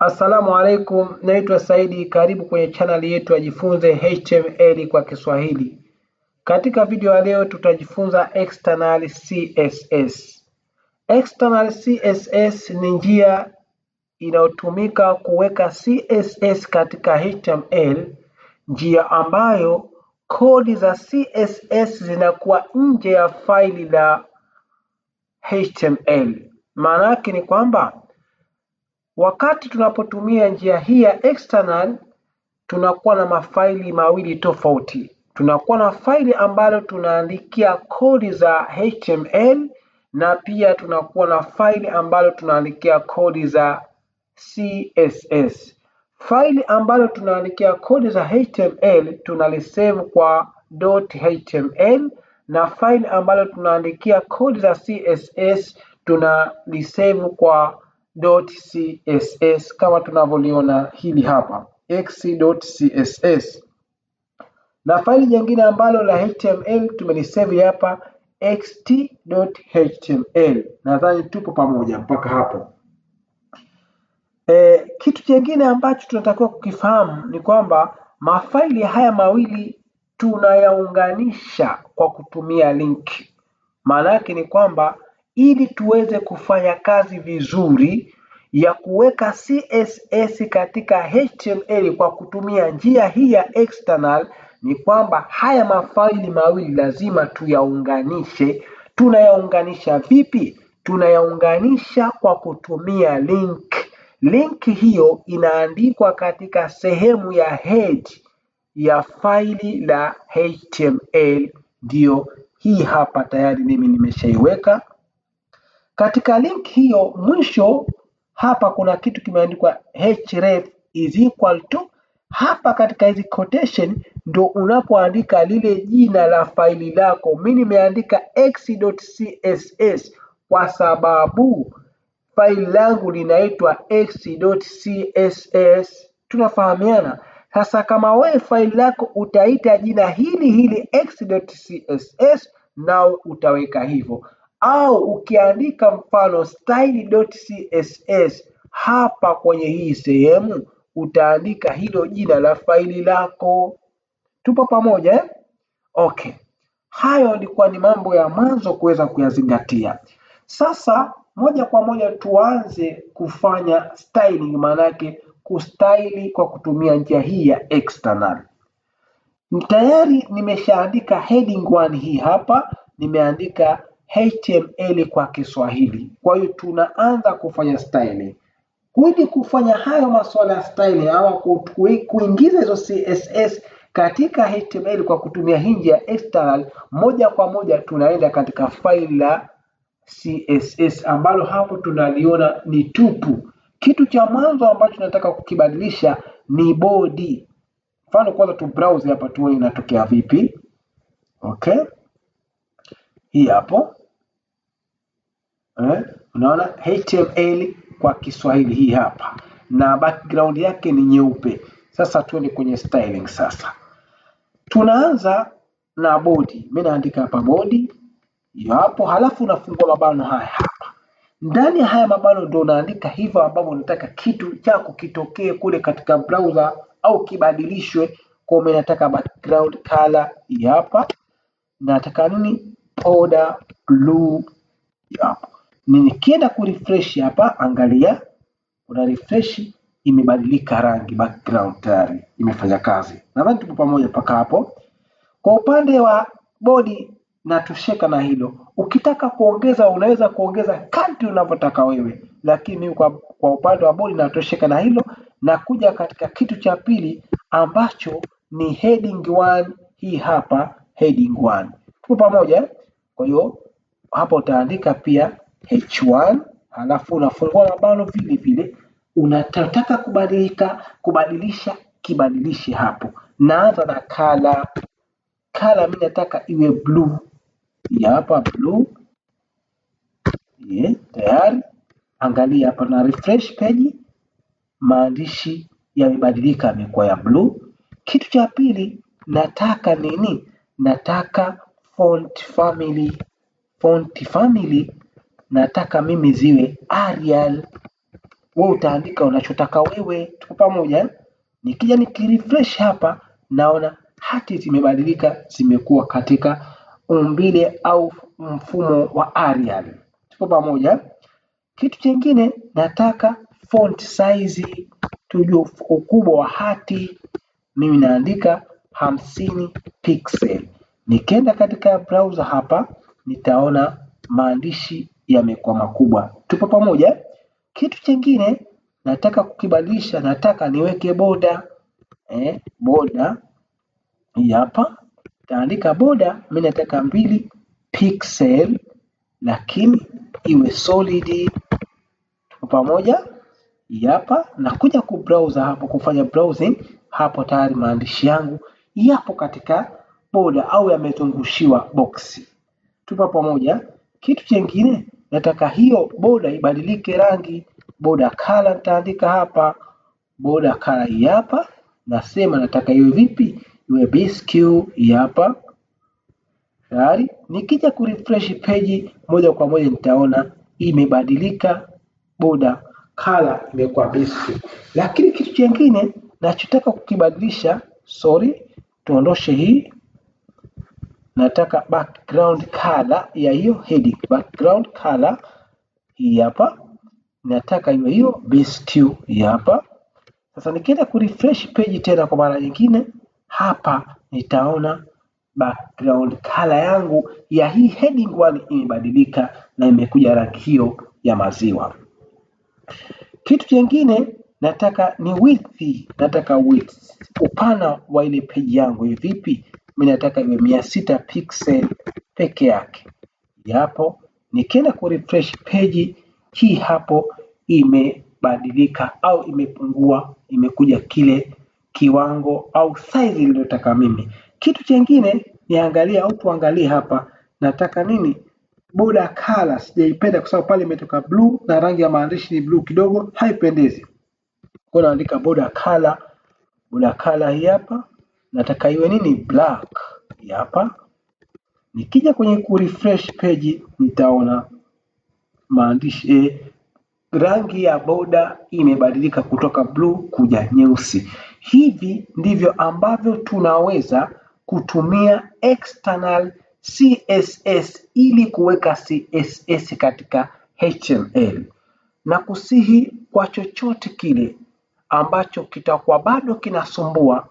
Assalamu alaikum, naitwa Saidi, karibu kwenye chaneli yetu Ajifunze HTML kwa Kiswahili. Katika video ya leo tutajifunza external CSS. External CSS ni njia inayotumika kuweka CSS katika HTML, njia ambayo kodi za CSS zinakuwa nje ya faili la HTML. Maana yake ni kwamba Wakati tunapotumia njia hii ya external, tunakuwa na mafaili mawili tofauti. Tunakuwa na faili ambalo tunaandikia kodi za HTML na pia tunakuwa na faili ambalo tunaandikia kodi za CSS. Faili ambalo tunaandikia kodi za HTML tunalisave kwa .html na faili ambalo tunaandikia kodi za CSS tunalisave kwa x.css kama tunavyoliona hili hapa x.css, na faili nyingine ambalo la HTML tumelisave hapa xt.html. Nadhani tupo pamoja mpaka hapo. E, kitu kingine ambacho tunatakiwa kukifahamu ni kwamba mafaili haya mawili tunayaunganisha kwa kutumia link. Maana yake ni kwamba ili tuweze kufanya kazi vizuri ya kuweka CSS katika HTML kwa kutumia njia hii ya external, ni kwamba haya mafaili mawili lazima tuyaunganishe. Tunayaunganisha vipi? Tunayaunganisha kwa kutumia link. Link hiyo inaandikwa katika sehemu ya head ya faili la HTML, ndiyo hii hapa tayari mimi nimeshaiweka. Katika link hiyo mwisho hapa kuna kitu kimeandikwa href is equal to. Hapa katika hizi quotation ndo unapoandika lile jina la faili lako. Mimi nimeandika x.css kwa sababu faili langu linaitwa x.css. Tunafahamiana? Sasa kama wewe faili lako utaita jina hili hili x.css, nao utaweka hivyo au ukiandika mfano style.css hapa kwenye hii sehemu utaandika hilo jina la faili lako. Tupo pamoja eh? Okay, hayo ilikuwa ni mambo ya mwanzo kuweza kuyazingatia. Sasa moja kwa moja tuanze kufanya styling, maanake kustaili kwa kutumia njia hii ya external. Tayari nimeshaandika heading 1 hii hapa, nimeandika HTML kwa Kiswahili. Kwa hiyo tunaanza kufanya styling. Kuidi kufanya hayo masuala ya styling ama kuingiza hizo CSS katika HTML kwa kutumia hinji ya external, moja kwa moja tunaenda katika faili la CSS ambalo hapo tunaliona ni tupu. Kitu cha mwanzo ambacho tunataka kukibadilisha ni body. Mfano kwanza tu browse hapa tuone inatokea vipi. Okay, hii hapo eh? Unaona HTML kwa Kiswahili hii hapa, na background yake ni nyeupe. Sasa tuende kwenye styling. Sasa tunaanza na body, mimi naandika hapa body hiyo hapo, halafu unafungua mabano haya hapa. Ndani ya haya mabano ndio unaandika hivyo ambavyo unataka kitu chako kitokee kule katika browser au kibadilishwe. Kwa mimi nataka background color hii hapa, nataka nini? Powder blue hii hapa nikienda kurefresh hapa, angalia kuna refresh imebadilika rangi background, tayari imefanya kazi. Nadhani tupo pamoja mpaka hapo. Kwa upande wa bodi natosheka na hilo. Ukitaka kuongeza unaweza kuongeza kadri unavyotaka wewe, lakini mimi kwa, kwa upande wa bodi natosheka na hilo, na kuja katika kitu cha pili ambacho ni heading 1. Hii hapa heading 1, tupo pamoja. Kwa hiyo hapo utaandika pia H1 halafu unafungua mabano vile vile unataka kubadilika kubadilisha kibadilishi hapo. Naanza na kala kala, mimi nataka iwe bluu ya hapa bluu. Yeah, tayari angalia hapa na refresh page, maandishi yamebadilika, yamekuwa ya bluu. Kitu cha pili nataka nini? Nataka font family. Font family nataka mimi ziwe Arial. Wewe utaandika unachotaka wewe, tuko pamoja. Eh? Nikija nikirefresh hapa, naona hati zimebadilika, zimekuwa katika umbile au mfumo wa Arial. Tuko pamoja. Eh? Kitu chingine nataka font size, tujue ukubwa wa hati. Mimi naandika hamsini pixel. Nikienda katika browser hapa, nitaona maandishi yamekuwa makubwa. Tupo pamoja? Kitu chingine nataka kukibadilisha, nataka niweke boda eh, boda hii hapa, taandika boda, mi nataka mbili pixel, lakini iwe solid. Tupo pamoja? Hapa nakuja ku browser hapo, kufanya browsing hapo, tayari maandishi yangu yapo katika boda au yamezungushiwa boxi. Tupo pamoja? Kitu chengine nataka hiyo boda ibadilike rangi boda kala, nitaandika hapa boda kala hii hapa, nasema nataka iwe vipi? Iwe BSQ hii hapa tayari. Nikija refresh page moja kwa moja nitaona imebadilika boda kala imekuwa BSQ. Lakini kitu kingine nachotaka kukibadilisha, sorry, tuondoshe hii nataka background color ya hiyo heading. Background color hii hapa nataka iwe hiyo base two hii hapa. Sasa nikienda ku refresh page tena kwa mara nyingine, hapa nitaona background color yangu ya hii heading 1 imebadilika na imekuja rangi hiyo ya maziwa. Kitu kingine nataka ni width, nataka width, upana wa ile page yangu. Hivi vipi? mimi nataka iwe mia sita pixel peke yake. Yapo nikienda ku refresh page hii hapo imebadilika au imepungua, imekuja kile kiwango au size niliyotaka mimi. Kitu chengine niangalia au tuangalie hapa, nataka nini border color. Sijaipenda kwa sababu pale imetoka blue na rangi ya maandishi ni blue kidogo, haipendezi. Kwa naandika border color, border color hii hapa nataka iwe nini black hapa. Nikija kwenye ku refresh page nitaona maandishi eh, rangi ya boda imebadilika kutoka bluu kuja nyeusi. Hivi ndivyo ambavyo tunaweza kutumia external CSS ili kuweka CSS katika HTML na kusihi kwa chochote kile ambacho kitakuwa bado kinasumbua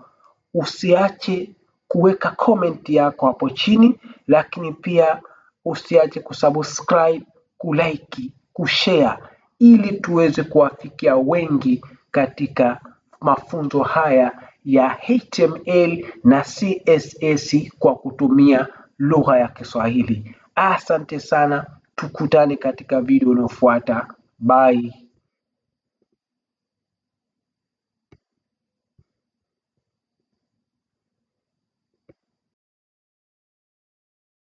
usiache kuweka comment yako hapo chini, lakini pia usiache kusubscribe, kulike, kushare ili tuweze kuwafikia wengi katika mafunzo haya ya HTML na CSS kwa kutumia lugha ya Kiswahili. Asante sana, tukutane katika video inayofuata. Bye.